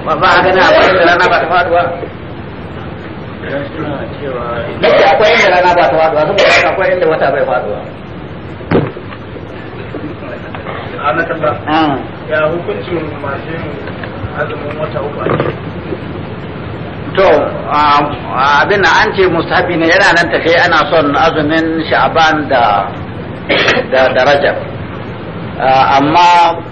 ba a gani akwai inda rana ba ta faduwa nake akwai inda rana ba ta faduwa saboda akwai inda wata bai faduwa ana ah. ya hukuncin masu azumin wata uku a to um, abin an ce ne yana nan tafe ana son azumin sha'aban da da rajab ah, amma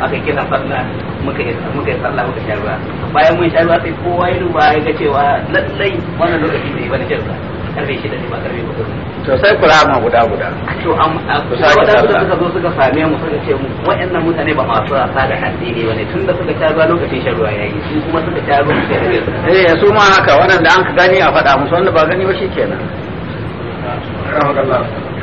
aka kira sallah muka yi muka yi sallah muka sha ruwa bayan mun sha ruwa sai kowa ya duba ya ga cewa lallai wannan lokaci ne ba na jin karfe shi da ba karfe bakwai to sai kura ma guda guda to am kusa guda guda suka zo suka same mu suka ce mu wayannan mutane ba masu rasa da addini bane tun da suka sha ruwa lokacin shan ruwa yayi su kuma suka sha ruwa suka yi eh su ma haka da an ka gani a faɗa musu wanda ba gani ba shikenan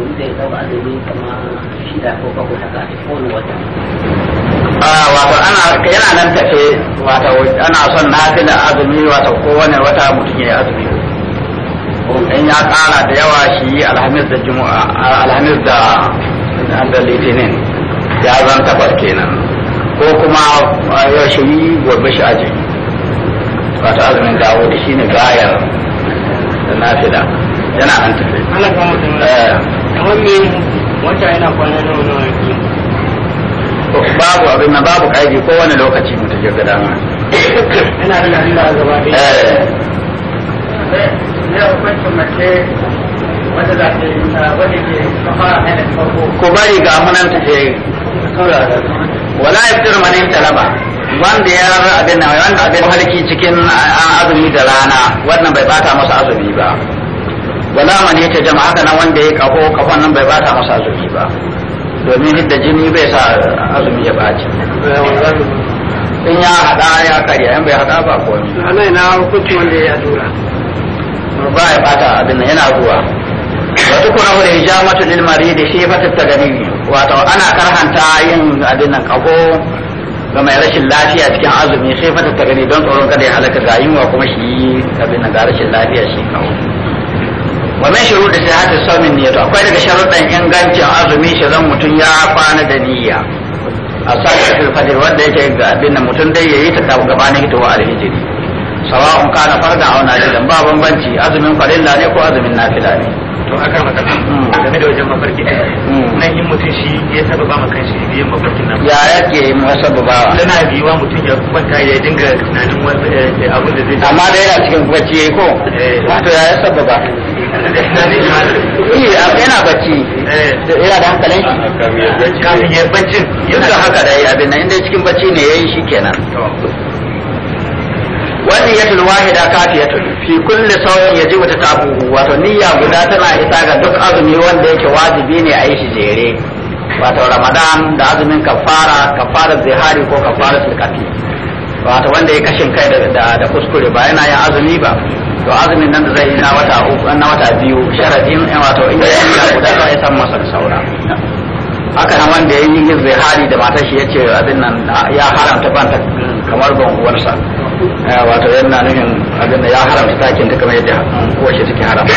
zai ko ah, wato ana yana nan tafe wato ana son na fi da azumi wato kowane wata mutum ya azumi in ya kara da yawa shi alhamis da juma'a alhamis da da litinin ya zan takwas kenan ko kuma ah, ya shi gobe shi aji wato azumin dawo da shi ne gayar da na fi da yana an tafe babu abin nan babu kaji ko wani lokaci mutum ya ga dama ina da Allah gaba ɗaya eh ne hukuncin mace wanda za ta yi ta wani ke ko hada farko ko bari ga munan ta je wala yaftir manin talaba wanda ya abin nan wanda abin halki cikin ah, azumi da rana wannan bai bata masa azumi ba wala man yace jama'a kana wanda ya kafo kafan nan bai bata masa azumi ba domin hidda jini bai sa azumi ya baci in ya hada ya karya in bai hada ba ko ni ana ina hukunci wanda ya dura ba ya bata abin nan yana ruwa wata kuna hure jama'atu lil marid shi fa tattagani wato ana karhanta yin abin nan kafo ga mai rashin lafiya cikin azumi sai fata ta gani don tsoron kada ya halaka ga yunwa kuma shi abin nan ga rashin lafiya shi kawo wa min shurudi sihhati niyya to akwai daga sharuɗan ingancin azumi shi zan mutum ya kwana da niyya a sa'atul fajr wanda yake ga abin nan mutum dai yayi ta gabanin wa alhijri sawa'un kana farda aw nafilan ba bambanci azumin farilla ne ko azumin nafila ne to aka maka hmm. game da wajen mafarki hmm. na in mutum shi ya sababa ma shi yin mafarkin nan ya yake mu sababawa yana biwa mutum ya kwanta ya dinga tunanin wani eh, abin da zai amma da yana cikin bacci ko eh. wato ya sababa Eh, yana bacci eh. yana da hankalin shi ah, kafin ya bacci duk da haka da yi abin nan inda cikin bacci ne ya yi shi kenan wannan ya tulu wahida kafiya fi kulli sauyin ya ji wata tabu wato niyya guda tana isa ga duk azumi wanda yake wajibi ne a yi shi jere wato ramadan da azumin kafara kafara zihari ko kafara sulkafi wato wanda ya kashin kai da kuskure ba yana yin azumi ba to azumin nan da zai yi na wata uku na wata biyu sharadin in wato in ya yi guda za a san masa da saura haka nan wanda ya yi hali da matar shi ya ce abin nan ya haramta banta kamar ban banguwarsa eh, wato yana nufin abin da ya haramta takin ta kamar yadda kowace take haramta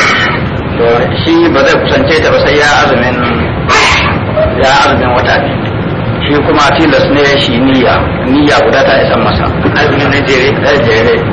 to shi ba zai kusance ta ba sai ya azumin ya azumin wata biyu shi kuma tilas ne shi niyya niyya guda ta isan masa azumin na jere jere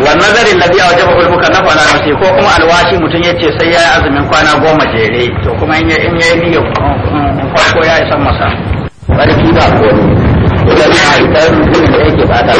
Wannan nazarin da biya wajen bakwai nafa na nasi ko kuma alwashi mutum ya ce sai ya yi azumin kwana goma jere to kuma in ya yi niyyar mm, mm, mm, farko ya isan masa barki ba ko ne idan ya haifar da yake ba ta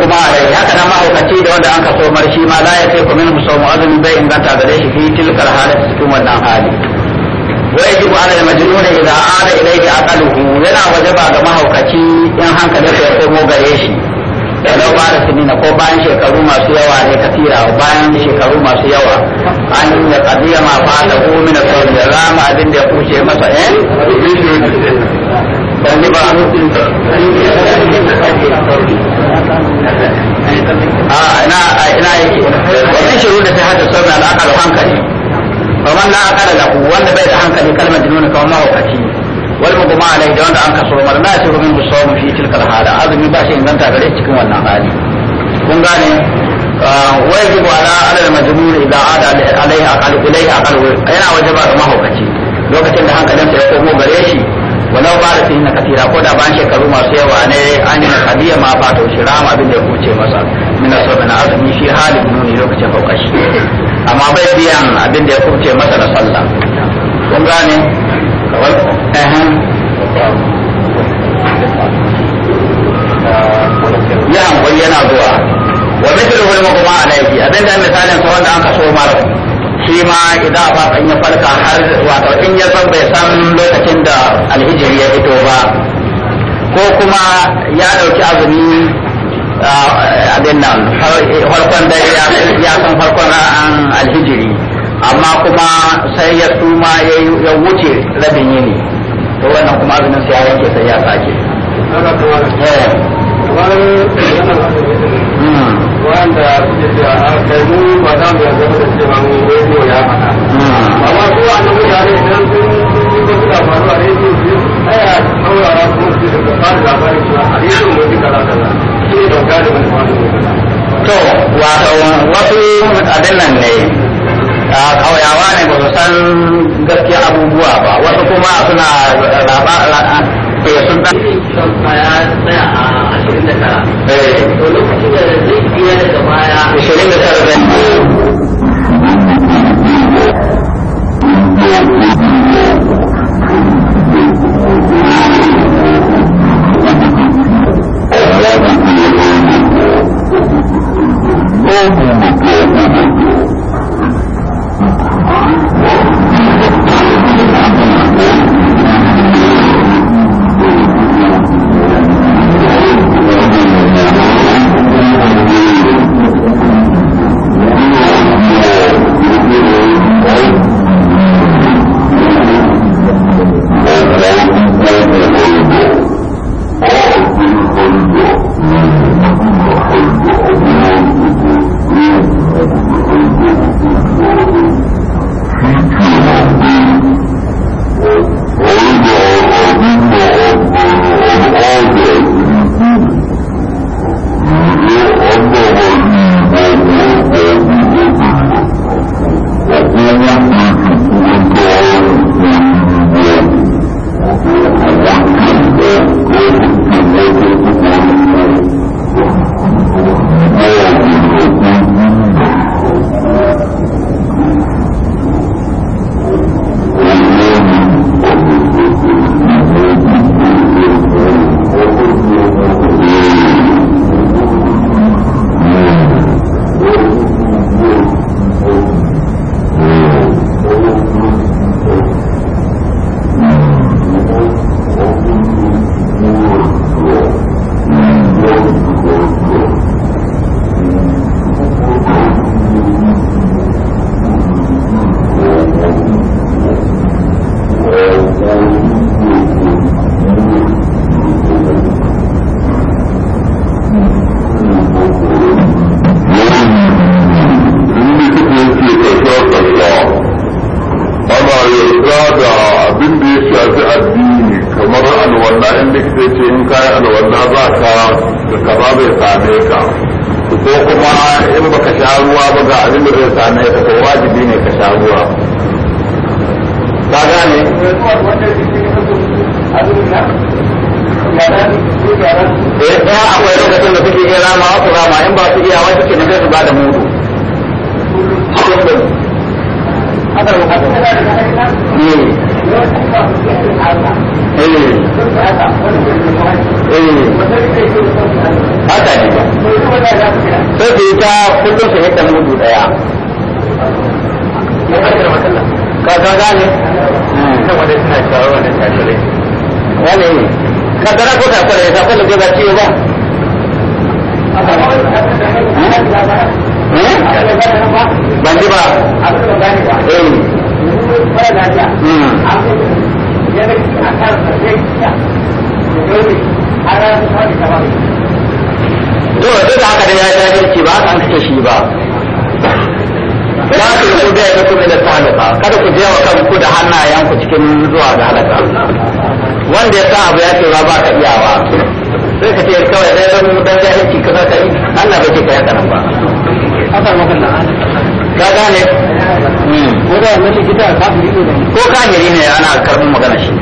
kuma a rai haka nan mahaukaci da wanda an ka so shi ma za ya la min minhu mu azumi bai inganta gare shi fi tilkal su cikin wannan hali ويجب على المجنون إذا عاد إليه عقله yana wajaba ga mahaukaci in hankali ya mu gare shi yadda ba da sinina ko bayan shekaru masu yawa ne kasira bayan shekaru masu yawa an yi da kadiya ma fa da gomina ko da rama abin da ya kuce masa eh ban ba a ina ina yake wannan shiru da ta hada sauran al'aqal hankali fa man la aqala lahu wanda bai da hankali kalmar dinuna kawai mahaukaci wal mugma alai da wanda an kaso mar la ta rumin bisawm fi tilka hala azumi ba shi inganta gare cikin wannan hali kun gane wajibu ala alal majnun idza ada alaiha aqal ilaiha aqal yana wajaba ga mahaukaci lokacin da hankalinsa ya komo gare shi walau ba da su na katira ko da ban shekaru masu yawa ne an yi hadiya ma ba ta wuce rama abin da ya kuce masa mina so na azumi shi halin nuni lokacin kaukashi amma bai biyan abin da ya kuce masa na sallah kun gane ya hankali yana zuwa wa mithluhu al-muqma alayhi abinda misalin sa wanda an kaso mara shi ma idan a fatan ya farka har wato in ya san bai san lokacin da alhijiri ya fito ba ko kuma ya ɗauki azumi abin nan farkon da ya san farkon an alhijiri amma kuma sai ya suma ya wuce rabin yini to wannan kuma azumin sai ya yanke sai ya sake. wanda suke cewa ah, kai mu ba za mu yarda da cewa mu ya faɗa amma idan sun yi faru a rediyo su saurara su da labarin cewa a rediyo kaza ne dauka da wani to wato wasu abin nan ne a kauyawa ne ba su san gaskiya abubuwa ba wasu kuma suna eh sun da ya tsaya a 29 eh. to daga baya Oh kaddara ko ta kware ta kwallo ba ciwo ba ban ji ba to duk da haka da ya ta ce ba an kace shi ba ba su ku ga ya kuma da tanuka kada ku je wa kanku da hannayen ku cikin zuwa ga halaka wanda ya sa abu ya ce ba ka ba sai ka ce kawai dai dan dan jahilci kaza ka yi Allah bai ce ka yaka nan ba ka gane hmm. ko da wani likita kafiri ne ko kafiri ne ana karbin magana shi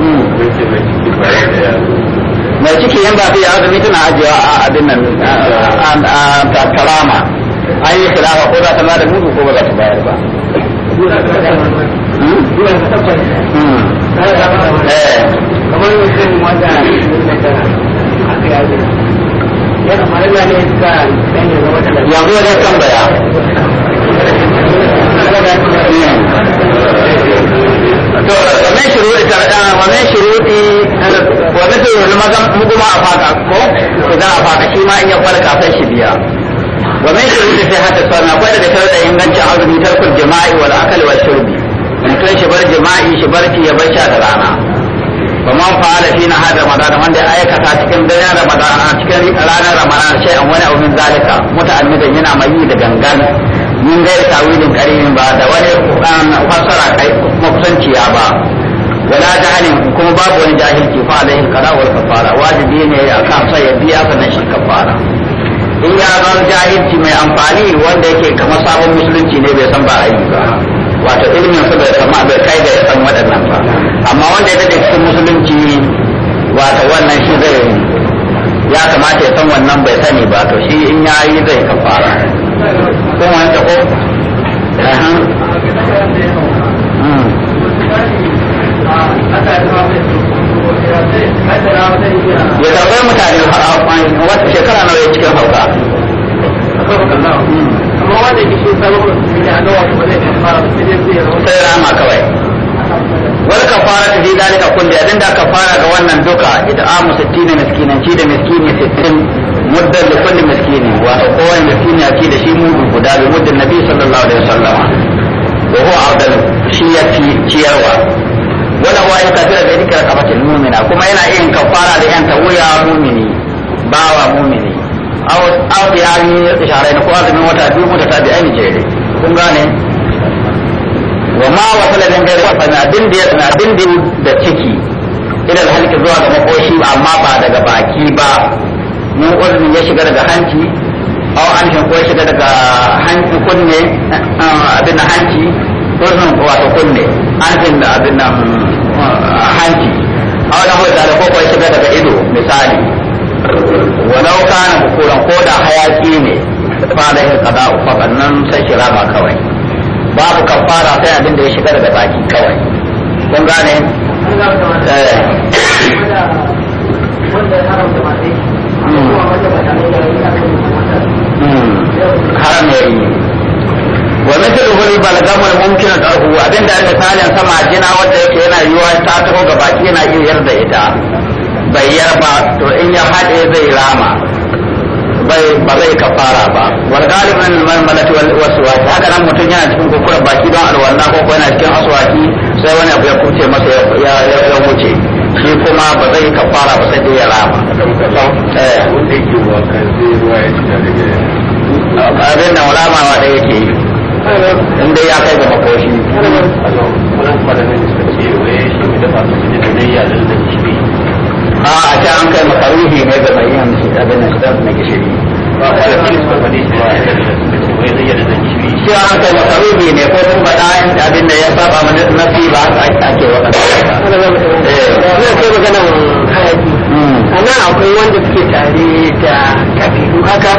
hmm. mai ciki yan ba zai azumi tana ajiyewa a abin nan a karama an yi khilafa ko za ta ma da mutu ko ba za ta bayar ba Eh. kamar mutum wanda ya kamar da da ya a faka a faka shi ma in ya azumi tarkul jama'i wal akal mutum shi bar jima'i shi barci ya barci da rana ba man fa'ala fi na hada ramadan wanda ya aikata cikin daren ramadan cikin ranar ramadan sai an wani abin zalika da yana mai yi da gangan mun ga tawilin karimin ba da wani um, fassara kai makusanciya ba wala jahalin kuma babu wani jahilci fa alaihi qada wal kafara wajibi ne akan sai ya biya na shi kafara in ya zama jahilci mai amfani wanda yake kamar sabon musulunci ne bai san ba ayyuka ba wato ilimin su bai sama bai kai da san waɗannan ba amma wanda ya dade cikin musulunci wato wannan shi zai ya kamata ya san wannan bai sani ba to shi in ya yi zai kafara ko wani ta ko ya tambayi mutane wata shekara na cikin hauka hmm. kuma a ne fara sai rama kawai wani kafara ta fi zalika kulli abinda aka fara ga wannan duka id'amu 60 miskinan ci da miskini 60 muddar da kulli miskini wato kowane miskini ake da shi mudu guda bi muddin nabi sallallahu alaihi wasallam wa huwa abdal shi ya fi ciyarwa wala wa yaka da da dikar kafatin mu'mina kuma yana yin kafara da yan tawiya mu'mini bawa mu'mini aw aw ya yi isharai ko azumin wata biyu mutu ta bi ainihin jere kun gane wa ma wa talabin gairi wa sana abin da na abin da da ciki idan halki zuwa ga makoshi amma ba daga baki ba mu uzumin ya shiga daga hanci aw an shin ko shiga daga hanci kunne ah, abin da hanci uzumin wato kunne an shin da abin nan ah, hanci aw da ko da ko shiga daga ido misali walau kana kuran ko da hayaki ne fara yin kada ufa nan sai shi ba kawai babu kafara sai abin da ya shiga daga baki kawai kun gane eh. hmm. Hmm. haram ya yi wa mithlu hul balgam al mumkin tarhu abinda misalin sama jina wanda yake yana yiwa ta taho ga baki yana iya yarda ita bai yarba to in ya haɗe zai rama bai ba zai kafara ba wal galiban marmalati wal waswasi haka nan mutum yana cikin kokura baki don alwala ko ko yana cikin aswaki sai wani abu ya kuce masa ya ya ya wuce shi kuma ba zai kafara ba sai dai ya rama eh wanda yake waka zai ruwa ya ci daga abin nan rama da yake yi in dai ya kai ga makoshi wannan kwadanin da suka ce wai shi da ba su da ya lalle shi a a ta an kai makaruhi ne da bayan shi abin da na gishiri shi an kai makaruhi ne ko sun faɗa abin da ya saba mana nafi ba ake waɗanda. Eh. Hmm. akwai wanda suke tare da kafiru haka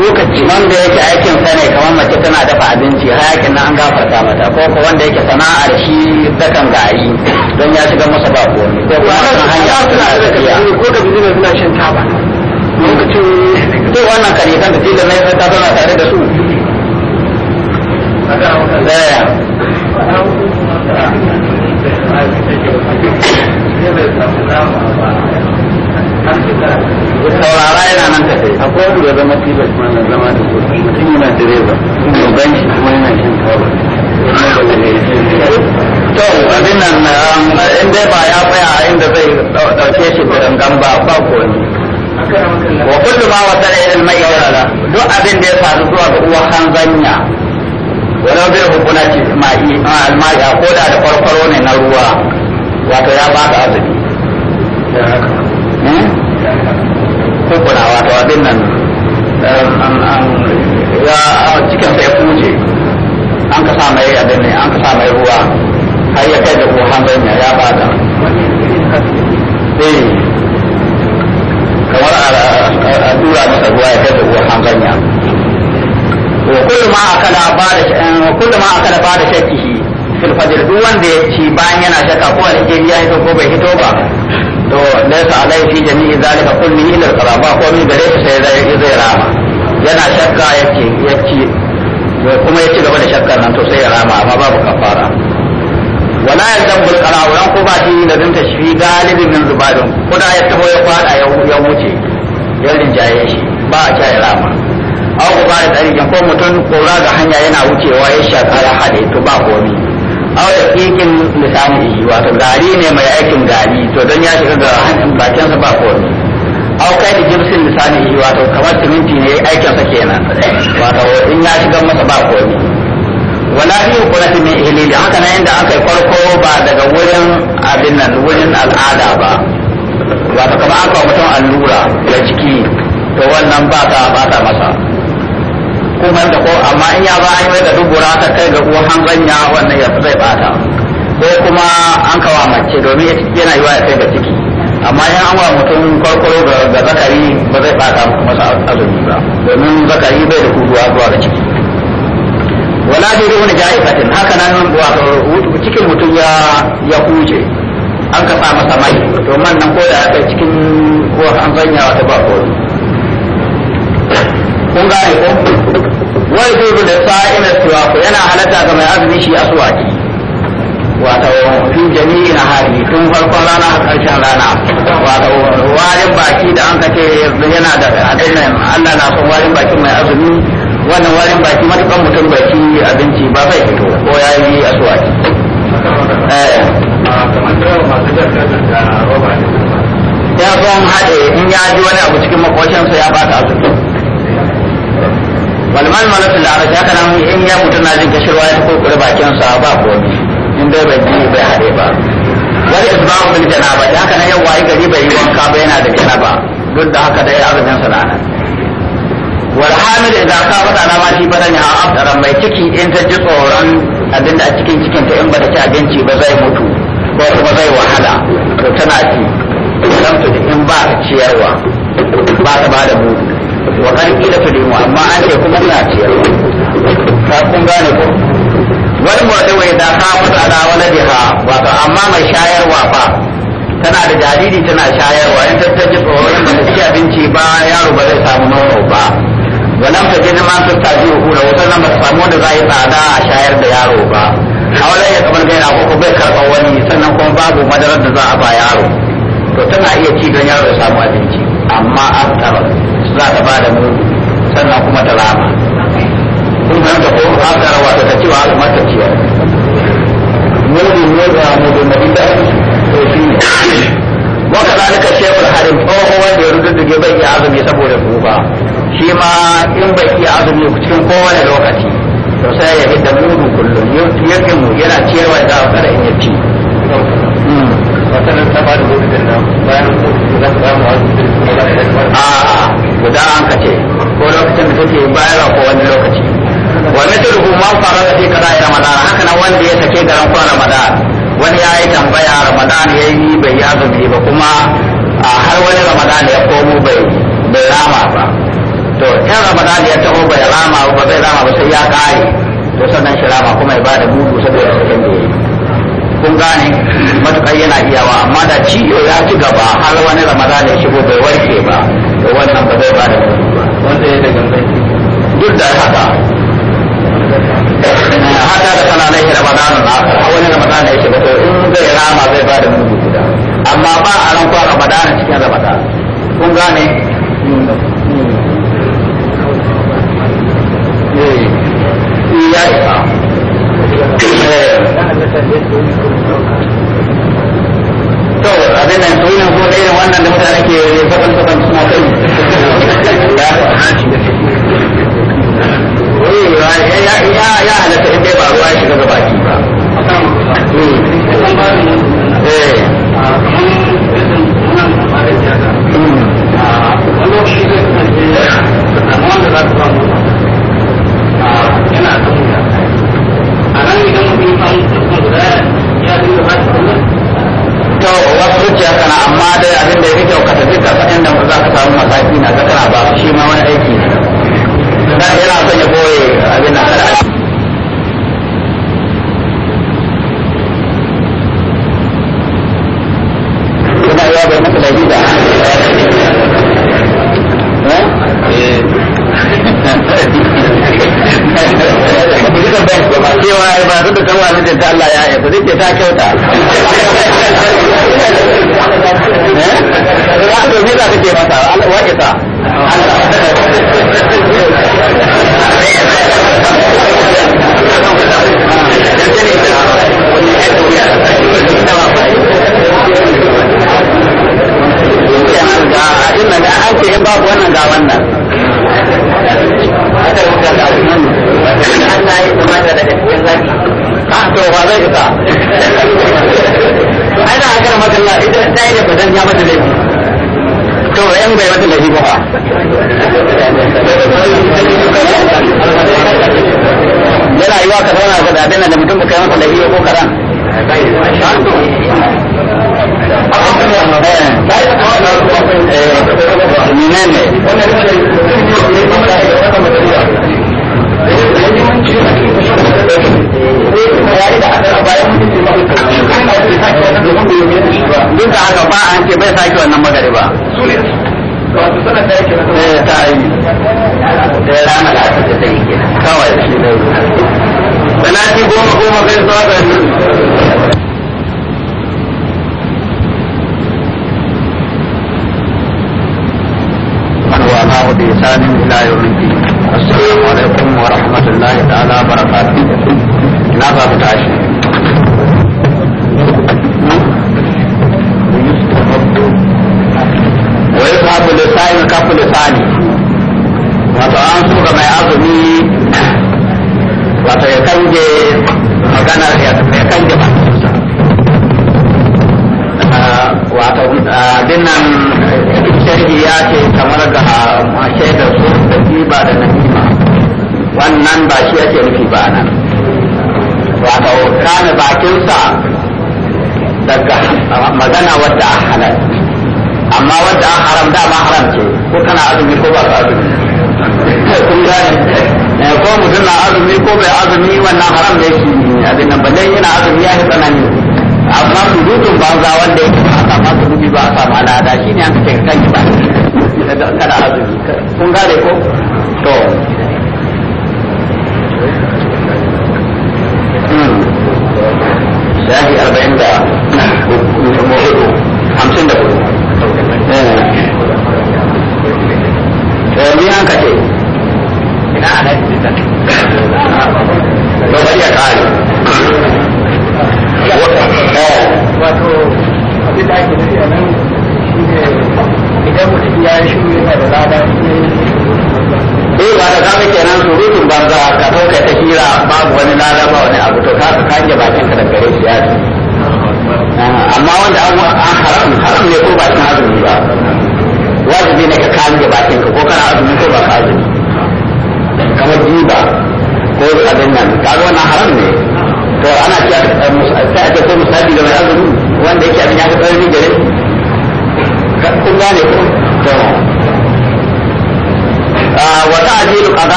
lokaci wanda yake aikin sa ne kamar mace tana dafa abinci hayakin na an gafarta mata ko ko wanda yake sana'ar shi dakan gari don ya shiga masa ba ko ko ba kan hanya ko da bijin suna shan taba lokacin to wannan kare kan da dole ne sai ta zauna tare da su Thank you. saurara yana nan ta akwai wanda ya zama tilas ma na zama da kuma mutum yana direba to ban shi kuma yana shan kaba to abin nan um, in dai ba ya tsaya a inda zai dauke shi birangan ba ba ko ne wa kullu ma wa tare ilal mayyala duk abin da ya faru zuwa ga uwa hanzanya wani bai hukuna ce ma'i ko da da farfaro ne na ruwa wato ya ba ka azumi hmm? kukuna ta abin nan eh, ya cikin sai kuje an ka sa mai abin ne an ka sa mai ruwa har ya kai da ko hanzon ya ba da eh. kamar a dura masa ruwa ya kai da ko hanzon ya وكل ما ma aka وكل ba da shakki شكه في الفجر دون ده شي بان yana shaka ko alheri ya hito ko bai hito ba to laysa alai fi jami'i zalika kulli ila al-qada ko komai gare shi sai zai zai rama yana shakka yake yake kuma ya ci gaba da shakkar nan to sai ya rama amma babu kafara wala yalzamu al-qada wa ko ba shi da zanta shi galibin min zubadin kuda ya taho ya fada ya wuce ya rinjaye shi ba a ci ya rama aw ba da ko mutum kora ga hanya yana wucewa ya shaka ya hade to ba komai aure kikin lisani yi wato gari ne mai aikin gari to don ya shiga ga bakin sa ba komi au kai da jibsin lisani yi wato kamar siminti ne aikin sa kenan wato in ya shiga masa ba komi wala fi ne min da haka nan inda aka yi farko ba daga wurin abin nan wurin al'ada ba wato kamar aka mutum allura da jiki to wannan ba ta ba ta masa komar da ko amma in ya ba an yi da dubura ta kai ga hanzan ya wannan ya zai bata ko kuma an kawo mace domin yana yi wa ya kai ga ciki amma in an wa mutum kwarkwaro ga zakari ba zai bata masa azumi ba domin zakari bai da kuduwa zuwa ga ciki wala da yi wani ja'ifatin haka nan wato cikin mutum ya ya huce an ka sa masa mai to man nan ko da ya kai cikin ko an zanya wata ba ko kun gane ko wai gudu da sa'in da yana halatta ga mai azumi shi a suwaki wato fi jami'in hari tun farkon rana a ƙarshen rana wato warin baki da an kace yana da abin nan Allah na son warin baki mai azumi wannan warin baki matukan mutum baki abinci ba zai fito ko ya yi a suwaki. Eh. ya son haɗe in ya ji wani abu cikin makoshinsa ya bata azumi walman malmala fil arsh haka nan in ya mutu na jin kashirwa ya ko kure bakin sa ba ko in dai bai ji bai hade ba wani isbahu bil janaba haka nan yau wayi gari bai yi wanka ba yana da janaba duk da haka dai azumin sa nan wal hamil idan ka fada alama shi ya afdara mai ciki in ta ji tsoron abin da a cikin cikin ta in ba ta ci abinci ba zai mutu ko kuma zai wahala to tana ci da in ba ta ciyarwa ba ta ba da mutu wa kan kila su amma an ce kuma na ciyarwa ta kun gane ko wani mutum wai da ka fata da wani jiha ba amma mai shayarwa fa tana da jariri tana shayarwa in ta ji tsoron ba ta ci abinci ba yaro ba zai samu nono ba wannan ta ji ma ta taji hukura wata nan ba ta samu wanda za yi tsada a shayar da yaro ba a wani ya kamar gaina ko bai karɓar wani sannan kuma babu madarar da za a ba yaro to tana iya ci don yaro ya samu abinci amma aftar za ta ba da mu sannan kuma ta rama kun ga da ko aftar wato ta cewa al'ummar ciya mudu ne ga mudu na inda ko shi ne wanda zalika shekul harin tsoho wanda ya rudu da bai azumi saboda gobe shi ma in bai iya azumi cikin kowane lokaci to sai ya hidda mudu kullum yankin mu yana cewa da a kada in yi ci wasannin da lokacin nan bayan za su samu wasu kuma za a yi a guda an kace ko lokacin da take bayarwa ko wani lokaci wa mithluhu man farada fi qada'i ramadan haka nan wanda ya sake garan ko ramadan wani ya yi tambaya ramadan ya yi bai yi azumi ba kuma har wani ramadan ya komo bai bai rama ba to kan ramadan ya taho bai rama ba bai rama ba sai ya kare to sannan shi rama kuma ya da gudu saboda sakin da ya yi kun gane matukar yana iyawa amma da ciwo ya ci gaba har wani ramadan ya shigo bai warke ba to wannan ba zai bada kuɗi ba wanda ya daga duk da haka eh, haka da kana nan ramadan na wani ramadan ya shigo to in zai rama zai bada mudu guda amma ba a ran kwa ramadan cikin ramadan kun gane eh. Eh, ya yi wannan da mutane ke faɗan faɗan suna kai ya ya ya halatta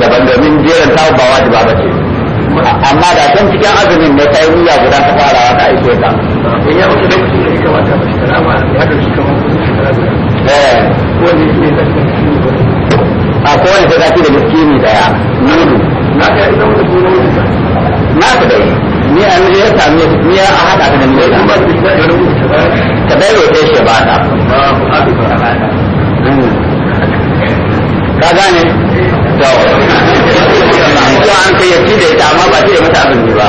daban domin jerin ta ba wajiba ba ce amma da cikin azumin ne sai wuya guda ta fara ta aike ta in ya wuce lokaci da ya kamata ba shekara ma eh. ya da shi kamar shekara guda eh kowane ne da a kowane sai zaki da miskini daya nudu na ka yi zama da kuma na ka dai ni a ya same ni a haɗa ka da ni da ka dai roƙe shi ba ta hmm. ka gane eh. to an da ita amma ba ta yi mata abin ba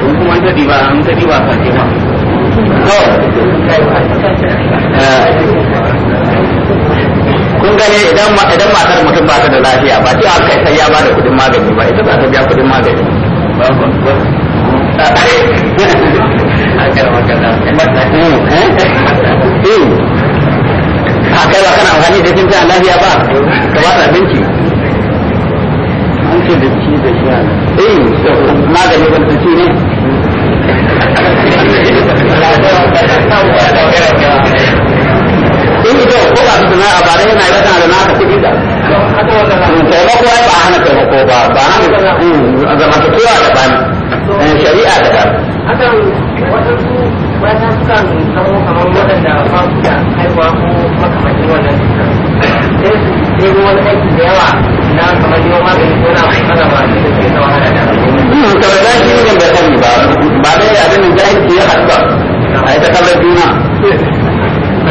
kuma an ka ba eh. kun gane idan idan matar mutum ba ta da lafiya ba ce aka sai ya bada kudin magani ba ita ta biya kudin magani a kai ba kana amfani da kinta lafiya ba ka ba ta an ce da ci da sha eh magani ban ta ci ne ko ba su suna a ba yana yi wata da naka kuɗi da hmm, taimako ai ba hana taimako ba ba hana hmm, a zamantakewa da ban eh, shari'a da ban akan waɗansu mata sukan kawo kamar waɗanda ba su da haihuwa ko makamancin wannan cutar sai su ɗebo wani aiki da yawa na kamar yau magani ko na mai ba su da ke zama hana da kamar hmm, da shi ne bai sani ba ba dai abin da ya haɗu ba a ita juna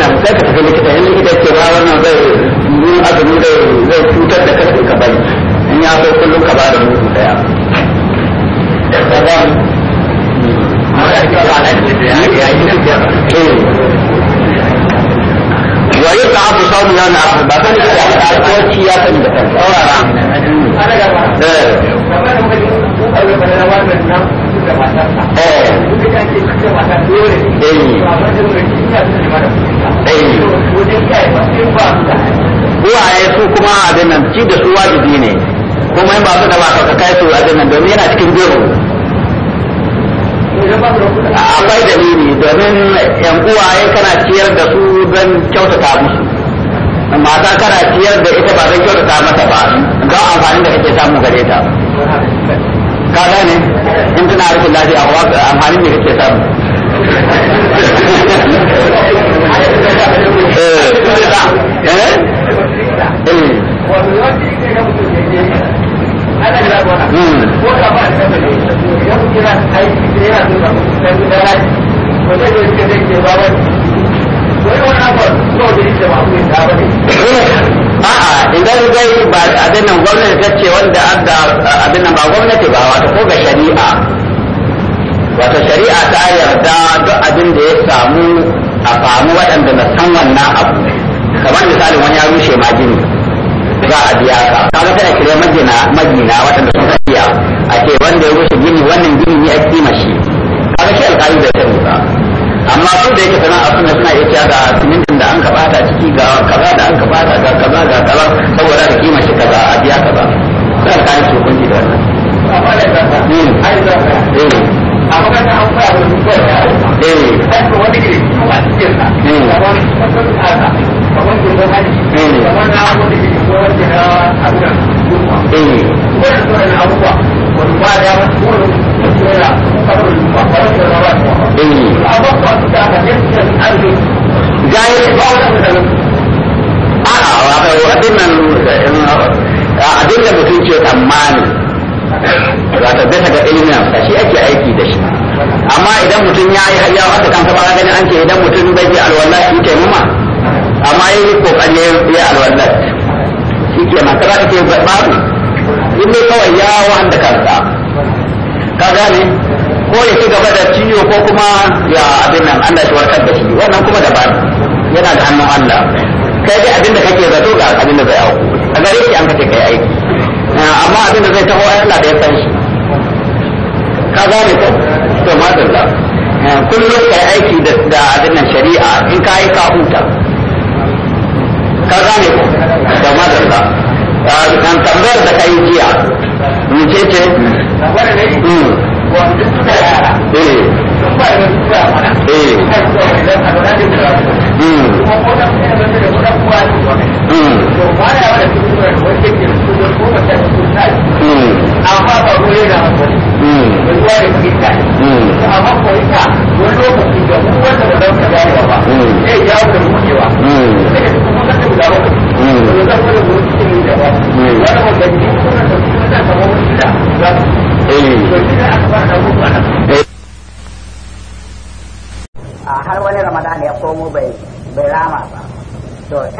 yana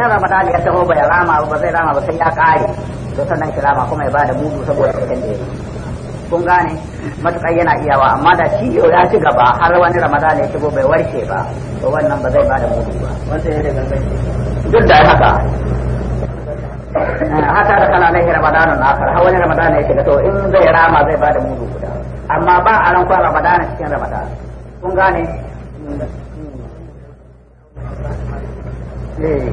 in ramadan ya taho bai rama ba zai rama ba sai ya kare to sannan shi rama kuma ya ba da mudu saboda cikin da ya kun gane matuƙar yana iyawa amma da yau ya ci gaba har wani ramadan ya shigo bai warke ba to wannan ba zai ba da mudu ba duk da haka eh, haka da kana nahi ramadanun akhar har wani ramadan ya shiga to in zai rama zai ba da mudu guda amma ba a ran kwa ramadan cikin ramadan kun gane hmm. eh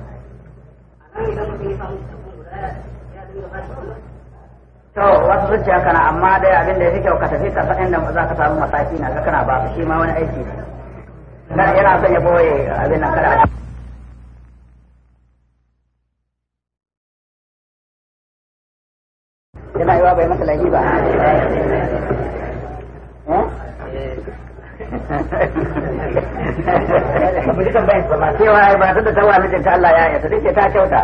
to wasu zuciya kana amma dai abin da ya fi kyau ka tafi ka faɗin da za ka samu mataki na ga kana ba shi ma wani aiki ne yana son ya boye abin nan kada yana yi wa bai maka lagi ba eh. Eh? mu ji tambayin ba cewa ba ya ta kyauta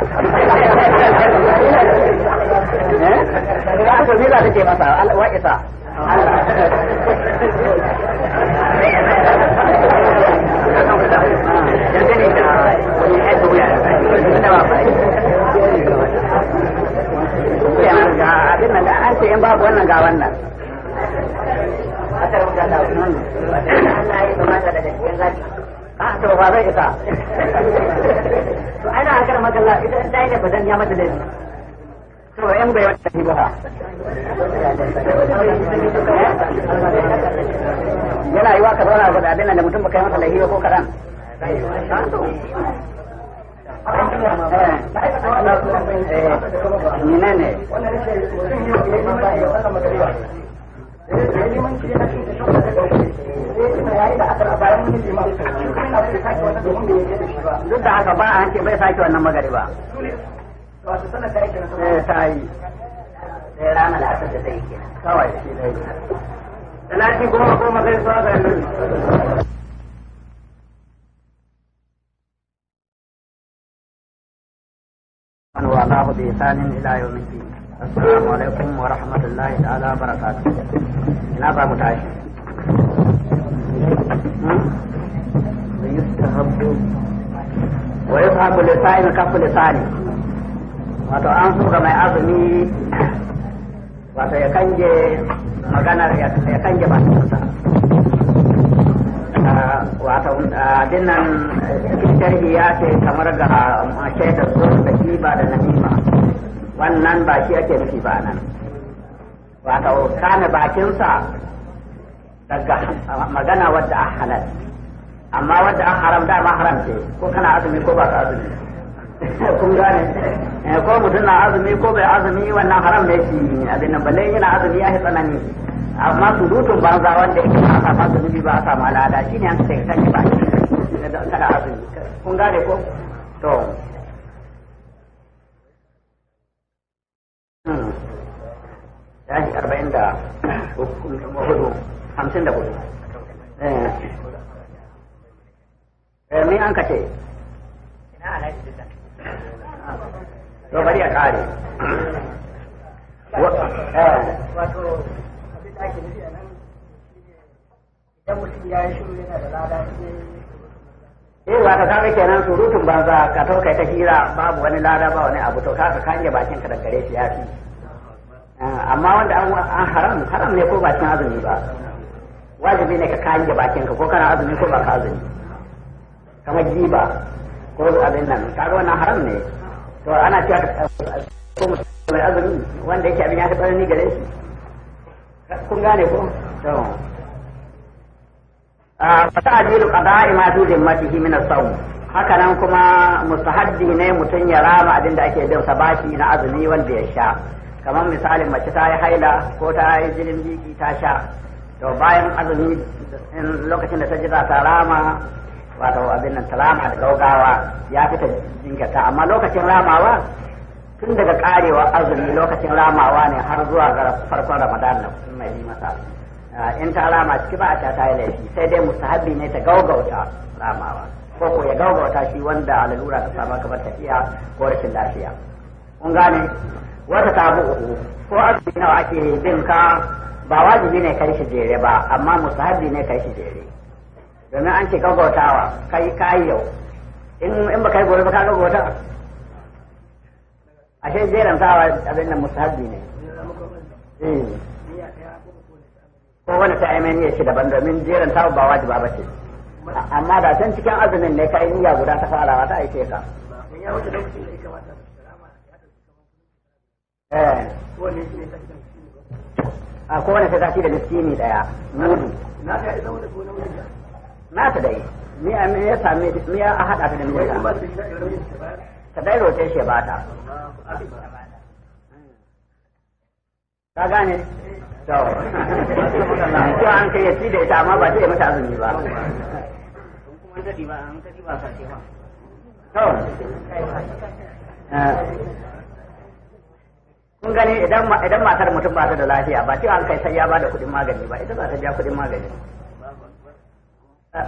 ba in babu wannan ga wannan to ba zai isa to ana a kar magalla ita in yi da bazan ya mata laifi to yan bai wata ba yana yi wa ka zauna ga abin nan da mutum baka yi masa laifi ko kadan eh. menene duk da haka ba a hanke bai sake wannan magari ba wato sana kare kenan sai eh, ta yi sai eh, rana da asar da zai kenan kawai shi dai goma goma zuwa ga nan بإحسان إلى يوم الدين السلام عليكم ورحمة الله تعالى وبركاته. wa ya sahabu lisa'in kafu lisa'in wato an suka mai azumi wato ya kange maganar ya kange bakinsa wato dinnan sharhi ya ce kamar ga shaidar zuwa da ba da namima wannan ba shi ake nufi ba nan wato kane bakinsa daga magana wadda a halal amma wadda a haram dama haram ce ko kana azumi ko ba ka azumi kun gane eh, ko mutum na azumi ko bai azumi wannan haram ne shi abin nan balle yana azumi ya tsanani amma su surutun banza wanda yake ba a samu azumi ba a samu al'ada shi ne an sai kan ba kada azumi kun gane ko to ya hmm. shi arba'in da hudu hamsin da hudu eh, eh me an kace ina alhaji dinda to bari a kare eh. wato abin da ake nufi a nan idan mutum ya yi shuru yana da lada eh ba ka kaga kenan surutun banza ka to kai ta hira babu wani lada ba wani abu to ka ka iya bakin ka daga gare shi ya fi eh, amma wanda an haram haram ne ko bakin azumi ba wajibi ne ka kayi gabakin ka ko kana azumi ko ba ka azumi kamar jiba ko abin nan kaga wannan haram ne to ana cewa ko mai azumi wanda yake abin ya ka ni gare shi kun gane ko to a ta'jilu qada'i a fi zimmatihi min as-sawm haka nan kuma mustahabbi ne mutum ya rama abin da ake bin sa baki na azumi wanda ya sha kamar misalin mace ta yi haila ko ta yi jinin jiki ta sha to bayan azumi in lokacin da ta ji ta rama wato abin nan talama da gaugawa ya fi ta jinkirta amma lokacin ramawa tun daga karewa azumi lokacin ramawa ne har zuwa ga farkon ramadan na mai yi masa ah, in ta rama ciki ba a ta ta yi laifi sai dai mustahabbi ne ta gaugauta ramawa ko ko ya gaugauta shi wanda lalura ta samu kamar tafiya ko rashin lafiya kun gane wata tabu ko azumi nawa ake bin ka ba wajibi ne kai shi jere ba amma musahabi ne kai shi jere domin an ce gagotawa kai kai yau in in ba kai gobe ba ka gagota ashe jeren tawa abin nan musahabi ne eh. ko wani ta aimen ya shi daban domin jeren tawa ba wajiba ba ce amma da can cikin azumin ne kai niyya guda ta farawa ta aike ka eh a kowane ta tashi da ne daya mudu na ta dai ni a me ya same ni a hada ta da mijinta ta dai roce shi ah, ba ta ka gane to eh. to an kai yaci da ita amma ba ta mata azumi ba ba to eh. Eh. kun gani idan idan matar mutum ba ta da lafiya ba cewa an kai sai ya ba da kuɗin magani ba ita za ta ja kuɗin magani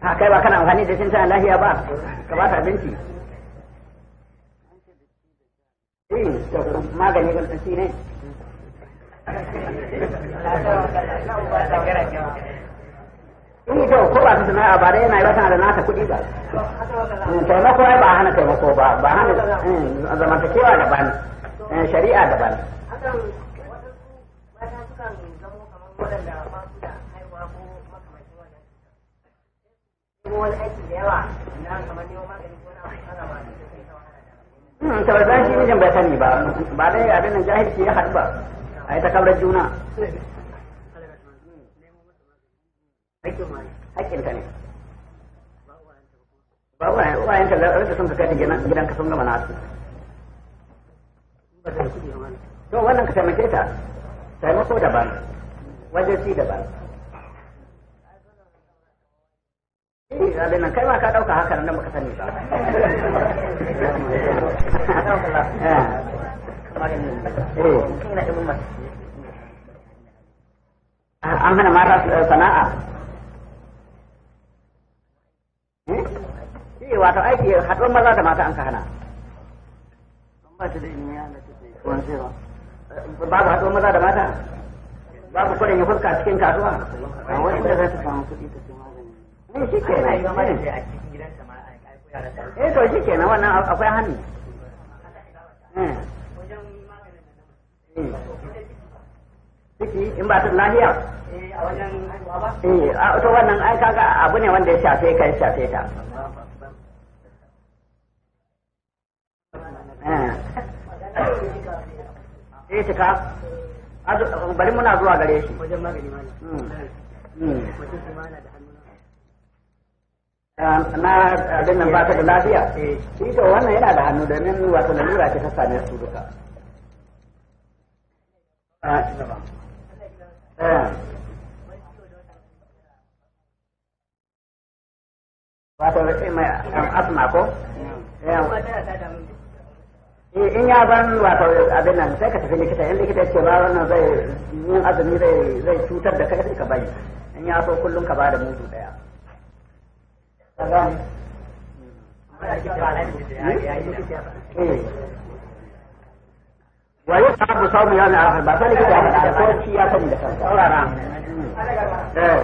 a kai ba kana amfani da cinta lafiya ba ka ba ta binci eh, magani ba ta ne in to ko ba su sana'a ba dai yana yi wata da naka kuɗi ba taimako ai ba hana taimako ba ba hana eh, zamantakewa daban eh, shari'a daban Tabarzan hmm, shi mijin bai sani ba, ba dai abin nan jahilci ya haɗu ba, a yi ta kamar juna. haƙƙin ka ne ba wayan ka rasa ka kai gidan ka sun gama nasu to wannan ka taimake ta taimako daban wajen daban eh, kai ma ka ɗauka haka nan baka sani ba eh. ah, an hana mata eh, sana'a shi wato aiki haɗuwar maza da mata an ka hana ba ta da ilimi ya babu haɗuwar maza da mata ku kwarin ya fuska cikin kasuwa a wani da za ta samu kuɗi ta ce magani ne eh, shi ke na eh to shi ke na wannan akwai hannu eh. ciki in ba ta lahiya eh, eh a to wannan ai kaga abu ne wanda ya shafe ka ya shafe ta eh, eh tika bari muna zuwa gare shi wajen magani hmm. Hmm. Hmm. Um, na abin nan ba ta da lafiya eh. shi to wannan yana da hannu domin wato lalura ce ta same su duka Eh. wato mai um, asma ko eh, in ya ban wato abin nan sai ka tafi likita in likita ce ba wannan zai yin azumi zai cutar da kai ka bari in ya so kullum ka bada mutu daya kaga wa yi sabu samu yana ba likita ya ya sani da saurara eh.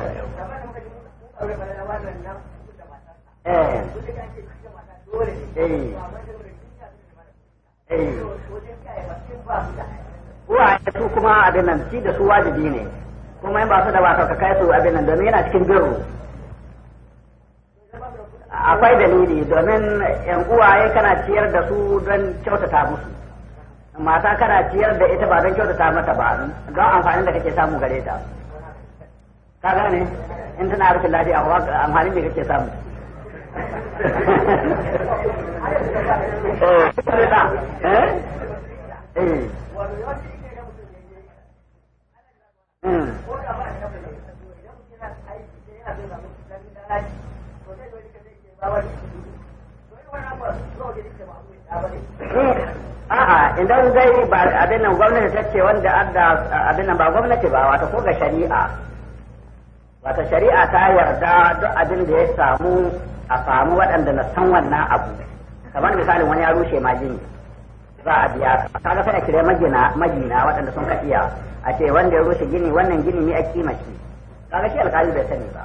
Eh. Eh. su kuma abin nan ci da su wajibi ne kuma ba su da ka kai su abin nan domin yana cikin akwai dalili domin yan uwaye kana ciyar da su don kyautata musu mata kana ciyar da ita ba don kyautata mata ba don amfanin da kake samu gare ta ka gane in tana rufin lafiya a amfanin da kake samu Yeah. Eh? Eh. Hmm. Hmm. idan zai ba abin nan gwamnati ta ce wanda adda abin nan ba gwamnati ba wata ko ga shari'a wata shari'a ta yarda duk abin da ya samu a samu waɗanda na san wannan abu kamar misalin wani ya rushe ma za a biya ga sai a kire magina magina waɗanda sun kafiya a ce wanda ya rushe gini wannan gini ne a kimashi kaga shi alƙali bai sani ba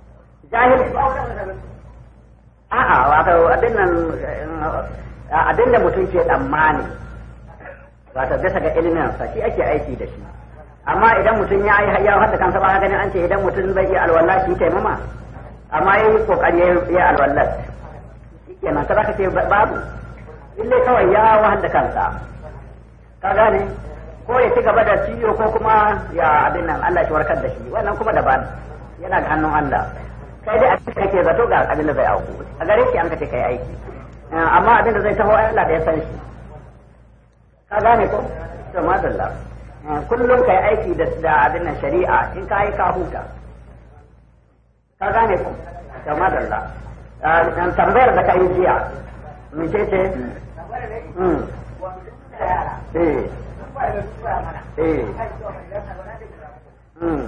jahilci a'a wato abin nan eh, eh, abin da mutum ke tsammani wato bisa ga iliminsa shi ake aiki da shi amma idan mutum ya yi ya hada kansa ba ganin an ce idan mutum bai yi alwala shi taimama amma yi kokari ya yi ke nan kada ka ce babu ille kawai ya wahal da kansa ka gane ko ya ci gaba da ciwo ko kuma ya abin nan Allah shi warkar da shi wannan kuma daban yana ga hannun Allah kai dai a ke zato ga abin da zai auku a gare shi an ka ce kai aiki eh, amma abin da zai taho a Allah da ya san shi ka gane ko to madalla eh, kullum kai aiki da abin nan shari'a in ka yi ka huta ka gane ko to madalla eh, tambayar da kai jiya mun ce ce hmm. eh eh hmm.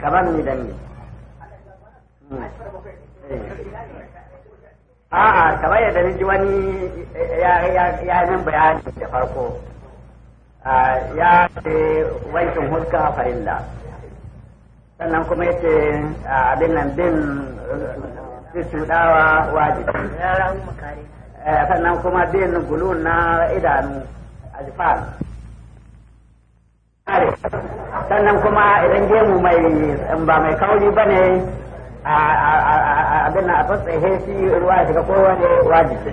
kaban mi dan a'a kamar yadda niji wani ya min bayani da farko ya ce wankin huska farilla sannan kuma ya ce abin nan bin sisin dawa wajibi sannan kuma bin gulun na idanu sannan kuma idan gemu mai ba mai kauri ba ne a abin a ya shi ruwa shiga kowane wajibi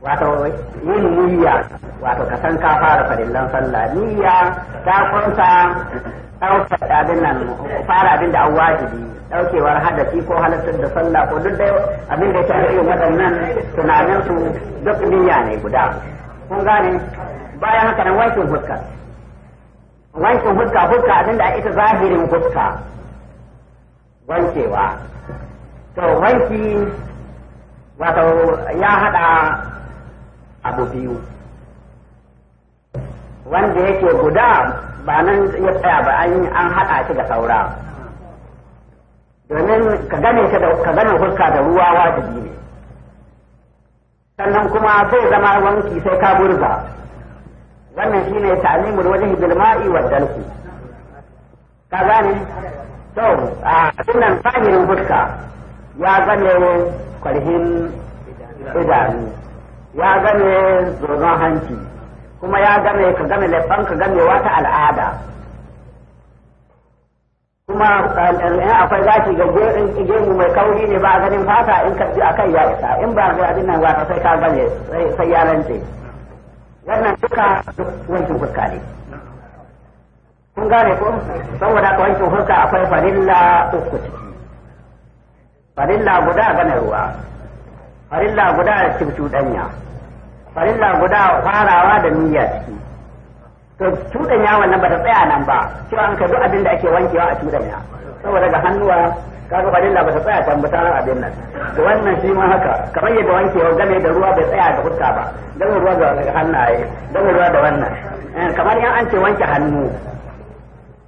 wato yin niyya wato ka san ka fara farillan sallah niyya ta kunsa ɗaukar abin nan fara abin da an wajibi ɗaukewar hadasi ko halartar da sallah ko duk dai abin da ya shafi irin waɗannan tunanin su duk niyya ne guda kun gane bayan haka nan wankin fuska wankin fuska fuska abin da ita zahirin fuska wankewa to wanki wato ya haɗa abu biyu wanda yake guda ba nan ya tsaya ba an haɗa shi da saura domin ka gane shi da ka gane hulka da ruwa wajibi ne sannan kuma zai zama wanki sai ka burza wannan shine ta'limul wajen wajen ma'i wa dalku ka gane to a sunan fahimin hulka ya gane kwarhin idanu ya game zozon hanci kuma ya game ka game laifin ka game wata al'ada kuma eh, in akwai zaki ga gemu mai kauri ne ba a ganin fata in ka ji akai ya isa in ba ga abin nan wata sai ka gane sai ya rance wannan duka wankin fuska ne kun gane ko saboda ka wankin fuska akwai farilla uku ciki farilla guda gane ruwa farilla guda cikin danya farilla guda farawa da niyya ciki to cuɗan ya wannan ba ta tsaya nan ba cewa an kai duk abin da ake wankewa a cuɗan ya saboda ga hannuwa kaga farilla ba ta tsaya kan ba abin nan to wannan shi ma haka kamar yadda wankewa game da ruwa bai tsaya ga hutta ba dan ruwa ga hannaye dan ruwa da wannan eh, kamar yan an ce wanke hannu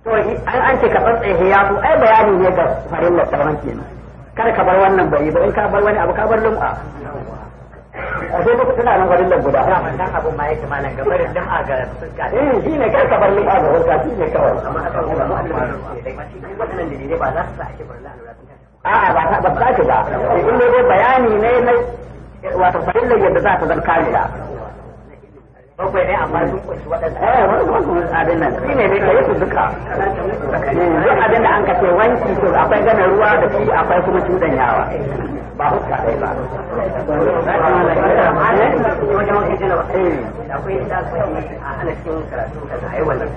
to an an ce ka tsatsa ya ku ai bayani ne ga farilla ta wanke kada ka bar wannan bai ba in ka bar wani abu ka bar lum'a sai kuka tana nan wani lambu da wannan abun ma yake malam ga barin a ga fuska eh shi ne kai ka bar lim'a ga fuska shi ne kawai amma aka kuma ba wannan dalilai ba za su sa ake da lalura a'a ba ta ba ta ba in ne bayani ne na wato farillar yadda za ta zama kamila bakwai ne amma sun kunshi waɗanda. Shi ne ne ka yi su duka. Duk abin da an wanki to akwai gana ruwa da shi akwai kuma cuɗanyawa. Ba ba. da a cikin karatu wannan.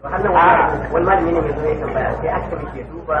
Wannan wani malami ne sai aka ke duba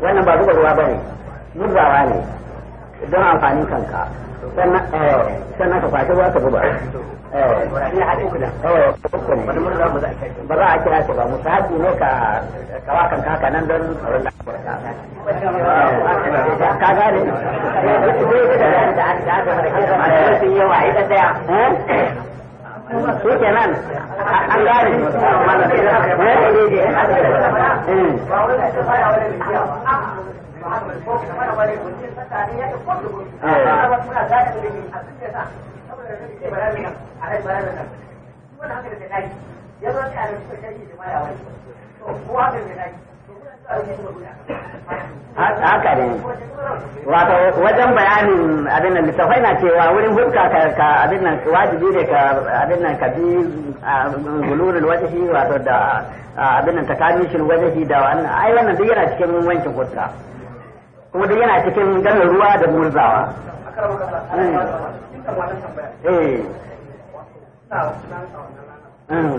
wannan ba zuba ruwa bane zubawa ne don amfanin kanka sannan ka fashe ruwa ka zuba ba za a kira shi ba haɗi ne ka kawa kanka kaka nan don tsaron da ka gane da aka yawa ita kenan an gane ya zo ta yi da mara wani to ko haka ne haka ne wato wajen bayanin abin nan littafai na cewa wurin hukka ka abin nan wajibi ne ka abin nan ka bi gulurul wajhi wato da abin nan takamishin wajhi da wannan ai wannan duk yana cikin wancin hukka kuma duk yana cikin ganin ruwa da murzawa hmm. eh hmm.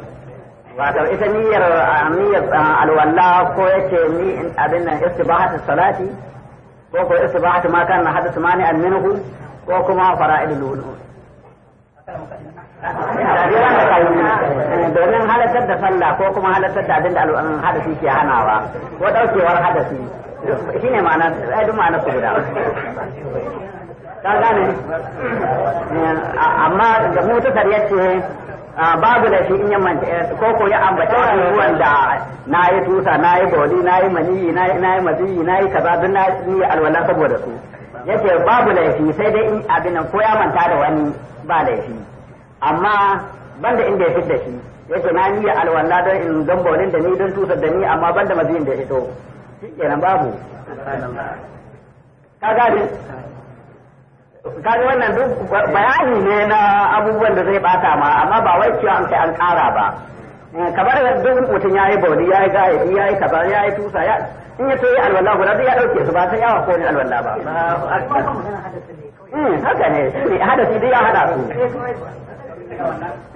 wato ita niyyar niyyar alwala ko yace ni abin nan istibahatu salati ko ko istibahatu ma kana hadathu mani an minhu ko kuma fara'id lulu domin halartar da sallah ko kuma halartar da abin da hadasi ke hanawa ko daukewar hadasi shi ne ma'ana ai duk ma'ana su guda ka gane amma da mutasar yace Ah, babu da shi in ya manta eh, ko ko ya ambata abubuwan da na yi tusa na yi boli na yi maniyi na yi maziyi na yi kaza duk na yi alwala saboda su yace babu laifi sai dai in abin ko ya manta da wani ba laifi amma banda inda ya da shi yace na yi alwala don in don bolin da ni don tusa da ni amma banda maziyin da ya fito babu ka kaga wannan duk bayani ne na abubuwan da zai bata ma amma ba wai cewa an kai an kara ba eh, kamar duk mutum ya yi bauli ya yi gayadi ya yi kaza ya yi tusa ya in ya yi alwala guda zai ya dauke su ba sai yawa ko ne alwala ba hmm, haka ne shi ne hadasi dai ya hada su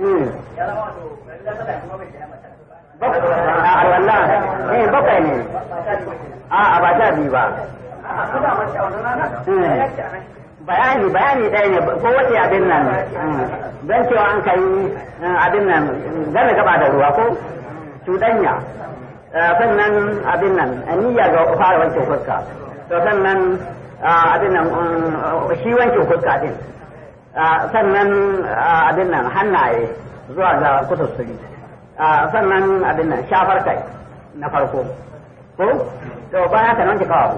hmm. alwala eh bakwai ne a ba ta biyu ba hmm. bayani bayani ɗaya ne ko wace abin nan mm, don cewa an kai mm, abin nan zan gaba da ruwa ko cuɗanya eh, sannan abin nan aniya ga fara wancan fuska to sannan ah, abin nan mm, shi wancan fuska din ah, sannan ah, abin nan hannaye zuwa ga kusurturi sannan abin nan shafar kai na farko ko to baya ka wanke kawo